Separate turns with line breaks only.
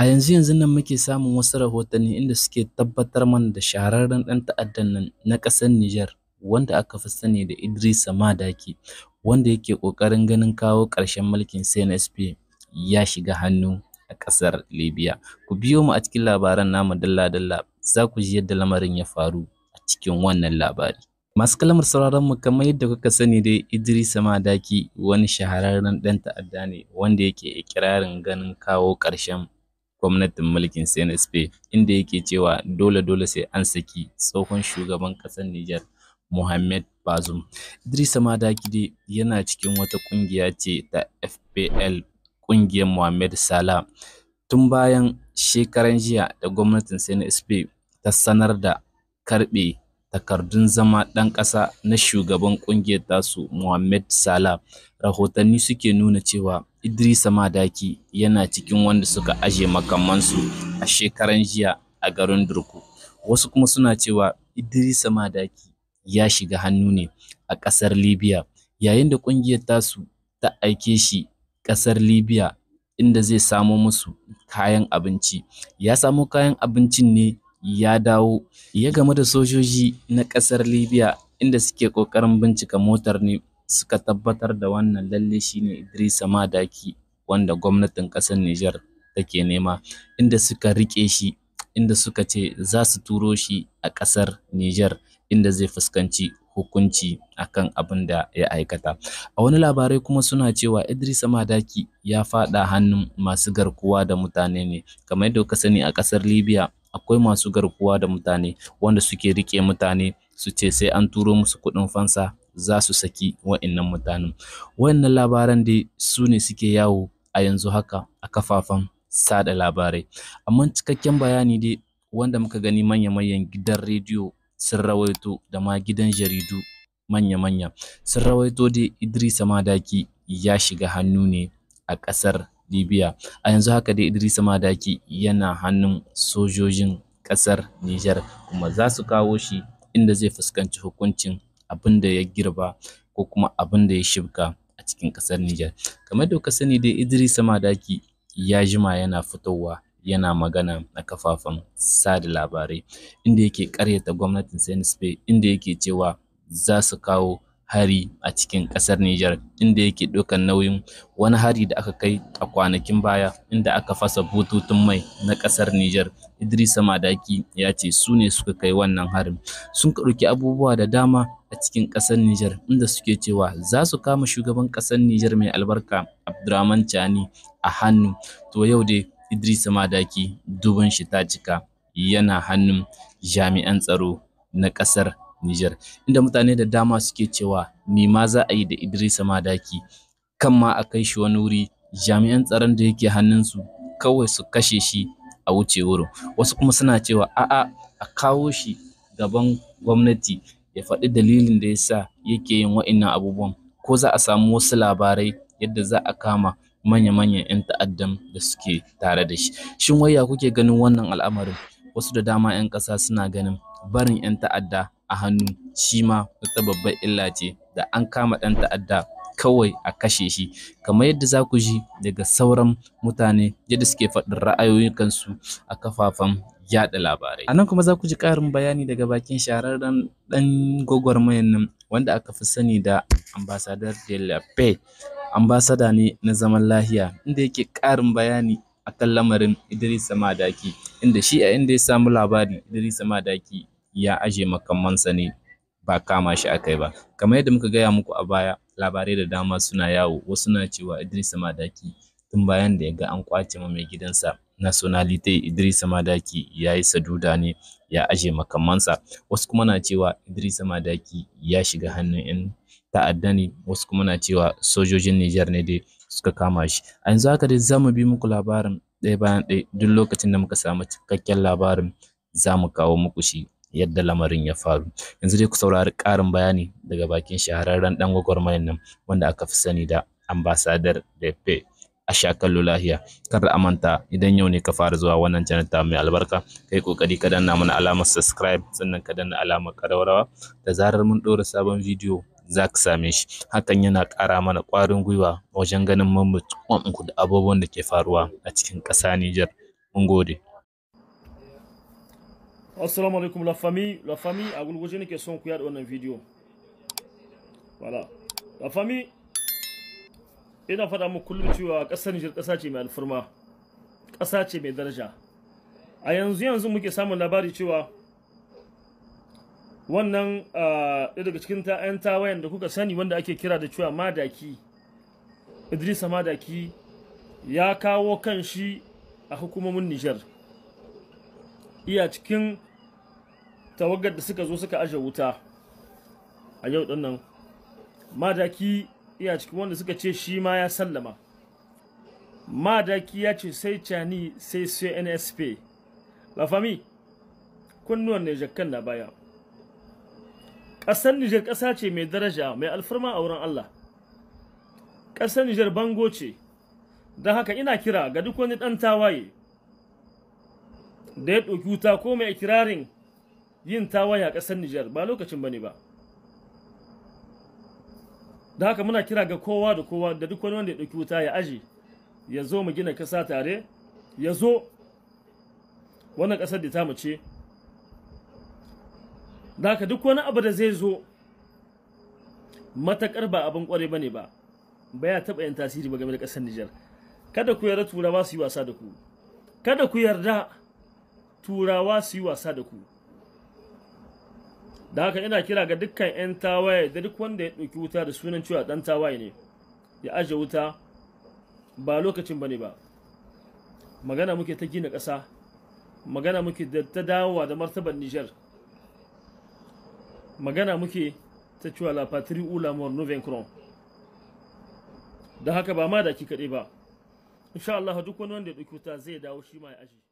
A yanzu yanzun nan muke samun wasu rahotanni inda suke tabbatar mana da shahararren ɗan ta'addan nan na ƙasar Nijar wanda aka fi sani da Idrissa Madaki wanda yake ƙoƙarin ganin kawo ƙarshen mulkin CNSP ya shiga hannu a ƙasar Libya. Ku biyo mu a cikin labaran namu dalla-dalla za ku ji yadda lamarin ya faru a cikin wannan labari. Masu kalmar sauraron mu kamar yadda kuka sani da Idrisa Madaki wani shahararren ɗan ta'adda ne wanda yake ikirarin ganin kawo ƙarshen gwamnatin mulkin CNSP inda yake cewa dole dole sai an saki tsohon shugaban ƙasar Nijar Mohamed Bazoum. Idrissa Madakide yana cikin wata ƙungiya ce ta FPL ƙungiyar Mohammed Salah. Tun bayan shekaran jiya da gwamnatin CNSP ta sanar da karɓe takardun zama ɗan ƙasa na shugaban ƙungiyar tasu Mohamed Salah, rahotanni suke nuna cewa Idrisa Madaki yana cikin wanda suka aje makamansu a shekaran jiya a garin Durku. Wasu kuma suna cewa Idrisa Madaki ya shiga hannu ne a ƙasar Libya, yayin da ƙungiyar tasu ta aike shi ƙasar Libya inda zai samo musu kayan abinci. Ya samo kayan abincin ne ya dawo ya game da sojoji na ƙasar Libya inda suke ƙoƙarin bincika motar ne suka tabbatar da wannan lalle shine Idrisa Madaki wanda gwamnatin ƙasar Nijar take nema inda suka riƙe shi inda suka ce za su turo shi a ƙasar Niger, inda zai fuskanci hukunci akan abin da ya aikata. A wani labarai kuma suna cewa Idrisa Madaki ya fada hannun masu garkuwa da mutane ne, kamar yadda ka sani a ƙasar Libya akwai masu garkuwa da mutane wanda suke rike mutane su ce sai an turo musu kuɗin fansa za su saki wa'innan mutanen wa'innan labaran dai su ne suke yawo a yanzu haka a kafafen sada labarai amma cikakken bayani dai wanda muka gani manya-manyan gidan rediyo sun rawaito da ma gidan jaridu manya-manya sun rawaito dai idrisa madaki ya shiga hannu ne a ƙasar Libya. A yanzu haka dai Idrisa Madaki yana hannun sojojin ƙasar Nijar kuma za su kawo shi inda zai fuskanci hukuncin abin da ya girba ko kuma abin da ya shibka a cikin ƙasar Nijar. Kamar da sani dai Idrisa Madaki ya jima yana fitowa yana magana na kafafen sada labarai inda yake ƙaryata gwamnatin Spain inda yake cewa za su kawo hari a cikin kasar Nijar inda yake ɗaukar nauyin wani hari da aka kai a kwanakin baya inda aka fasa bututun mai na kasar Nijar. Idrisa Madaki ya ce su ne suka kai wannan harin. Sun ɗauki abubuwa da dama a cikin ƙasar Nijar inda suke cewa za su kama shugaban ƙasar Nijar mai albarka Abdurrahman Chani a hannu. To yau dai Idrisa Madaki duban shi ta cika yana hannun jami'an tsaro na ƙasar Nijar inda mutane da dama suke cewa me ma za a yi da Idrisa Madaki kan ma a kai shi wani wuri jami'an tsaron da yake hannunsu kawai su kashe shi a wuce wurin wasu kuma suna cewa a'a a kawo shi gaban gwamnati ya faɗi dalilin da yasa yake yin wa'innan abubuwan ko za a samu wasu labarai yadda za a kama manya-manyan 'yan ta'addan da suke tare da shi shin wai ya kuke ganin wannan al'amarin wasu da dama 'yan ƙasa suna ganin barin 'yan ta'adda a hannu shi ma wata babbar illa ce da an kama ɗan ta'adda kawai a kashe shi kamar yadda za ku ji daga sauran mutane yadda suke faɗin ra'ayoyin kansu a kafafen yaɗa labarai. Anan kuma za ku ji ƙarin bayani daga bakin shahararren ɗan mayan nan wanda aka fi sani da ambasadar de la paix ambasada ne na zaman lahiya inda yake ƙarin bayani akan lamarin Idris Madaki inda shi a inda ya samu labari Idris Madaki ya aje makamansa ne ba kama shi a kai ba kamar yadda muka gaya muku a baya labarai da dama suna yawo wasu na cewa Idrisa Madaki tun bayan da ya ga an kwace ma mai gidansa nationality Idrisa Madaki ya yi saduda ne ya aje makamansa wasu kuma na cewa Idrisa Madaki ya shiga hannun 'yan ta'adda ne wasu kuma na cewa sojojin Nijar ne dai suka kama shi a yanzu haka dai za mu bi muku labarin ɗaya bayan ɗaya duk lokacin da muka samu cikakken labarin za mu kawo muku shi yadda lamarin ya faru yanzu dai ku saurari ƙarin bayani daga bakin shahararren dan gwagwarmayan nan wanda aka fi sani da ambasadar Depe a shakallo lahiya kar da amanta idan yau ne ka fara zuwa wannan channel ta mai albarka kai kokari ka danna mana alamar subscribe sannan ka danna alamar karawarwa da zarar mun ɗora sabon bidiyo za ka same shi hakan yana ƙara mana ƙwarin gwiwa wajen ganin mun da abubuwan da ke faruwa a cikin ƙasa Nijar mun gode
Assalamu alaikum la famille, la famille a gulguje nake son ku yada wannan video. Voilà. La famille ina faɗa muku kullum cewa ƙasar Niger ƙasa ce mai alfurma. Ƙasa ce mai daraja. A yanzu yanzu muke samun labari cewa wannan ɗaya daga cikin ta'yan tawayen da kuka sani wanda ake kira da cewa madaki Idrisa madaki ya kawo kan shi a hukumomin Niger. iya cikin tawagar da suka zo suka aje wuta a yau din nan madaki iya cikin wanda suka ce shi ma ya sallama madaki ya ce sai cani sai cnsp lafami kunnuwan nijar kan na baya ƙasar nijar ƙasa ce mai daraja mai alfarma a wurin allah ƙasar nijar bango ce don haka ina kira ga duk wani ɗan tawaye da ya ɗauki wuta ko mai kirarin. yin tawaya a ƙasar Nijar ba lokacin bane ba da haka muna kira ga kowa da kowa da duk wani wanda ya ɗauki wuta ya aji ya zo mu gina ƙasa tare ya zo wannan ƙasar da ta mace da haka duk wani abu da zai zo matakar ba abin kwarai bane ba ba ya taɓa yin tasiri ba game da ƙasar Nijar kada ku yarda turawa su yi wasa da ku kada ku yarda turawa su yi wasa da ku da haka ina kira ga dukkan 'yan tawaye da duk wanda ya ɗauki wuta da sunan cewa ɗan tawaye ne ya aje wuta ba lokacin ba ne ba magana muke ta gina ƙasa magana muke ta dawowa da martabar niger magana muke ta cewa la patrie ou la mort nous da haka ba ma da kika kaɗai ba insha Allah duk wani wanda ya ɗauki wuta zai dawo shi ma ya aji